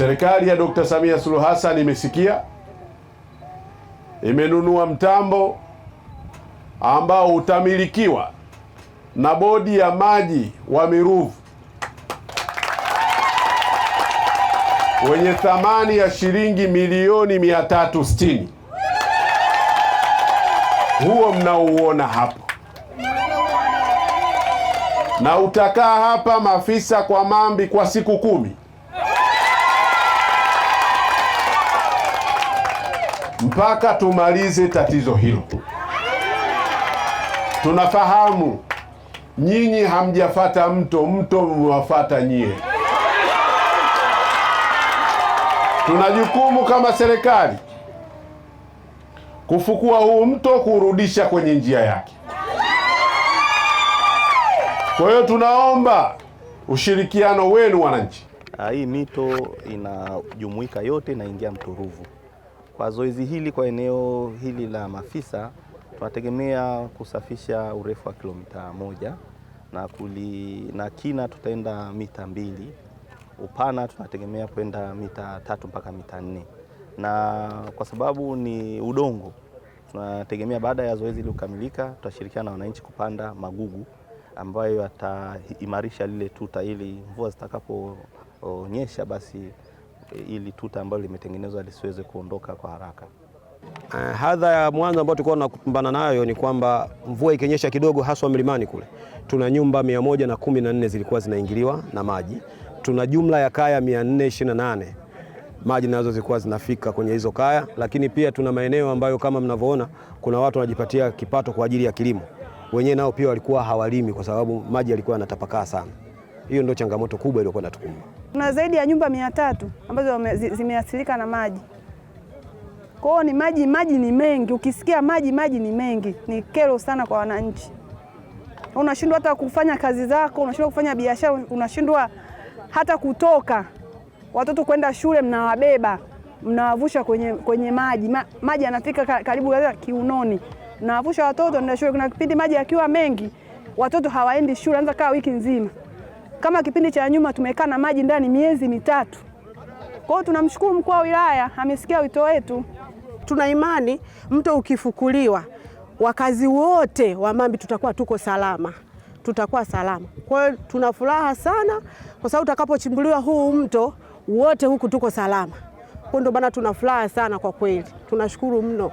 Serikali ya Dr. Samia Suluhu Hassan imesikia, imenunua mtambo ambao utamilikiwa na bodi ya maji wa Miruvu wenye thamani ya shilingi milioni 360. Huo mnaouona hapo, na utakaa hapa mafisa kwa mambi kwa siku kumi. mpaka tumalize tatizo hilo. Tunafahamu nyinyi hamjafata mto, mto mmewafata nyie. Tuna jukumu kama serikali kufukua huu mto, kuurudisha kwenye njia yake. Kwa hiyo tunaomba ushirikiano wenu wananchi. Ah, hii mito inajumuika yote, inaingia mto Ruvu. Kwa zoezi hili kwa eneo hili la Mafisa tunategemea kusafisha urefu wa kilomita moja na, kuli, na kina tutaenda mita mbili, upana tunategemea kwenda mita tatu mpaka mita nne, na kwa sababu ni udongo tunategemea baada ya zoezi hili kukamilika, tutashirikiana na wananchi kupanda magugu ambayo yataimarisha lile tuta ili mvua zitakaponyesha basi ili tuta ambalo limetengenezwa lisiweze kuondoka kwa haraka. Uh, hadha ya mwanzo ambayo tulikuwa tunakumbana nayo ni kwamba mvua ikinyesha kidogo, haswa mlimani kule, tuna nyumba 114 zilikuwa zinaingiliwa na maji. Tuna jumla ya kaya 428 maji nazo zilikuwa zinafika kwenye hizo kaya, lakini pia tuna maeneo ambayo kama mnavyoona kuna watu wanajipatia kipato kwa ajili ya kilimo, wenyewe nao pia walikuwa hawalimi kwa sababu maji yalikuwa yanatapakaa sana. Hiyo ndio changamoto kubwa iliyokuwa inatukumba. Kuna zaidi ya nyumba mia tatu ambazo zimeathirika na maji. Kwa ni maji, maji ni mengi. Ukisikia maji, maji ni mengi, ni kero sana kwa wananchi. Unashindwa hata kufanya kazi zako, unashindwa kufanya biashara, unashindwa hata kutoka, watoto kwenda shule mnawabeba mnawavusha kwenye, kwenye maji Ma, maji yanafika karibu kiunoni, mnawavusha watoto ndio shule. Kuna kipindi maji yakiwa mengi watoto hawaendi shule, anza kaa wiki nzima. Kama kipindi cha nyuma tumekaa na maji ndani miezi mitatu. Kwa hiyo tunamshukuru mkuu wa wilaya amesikia wito wetu. Tuna imani mto ukifukuliwa, wakazi wote wa Mambi tutakuwa tuko salama, tutakuwa salama. Kwa hiyo tuna furaha sana, kwa sababu utakapochimbuliwa huu mto wote huku tuko salama. Kwa ndio bana, tuna furaha sana kwa kweli, tunashukuru mno.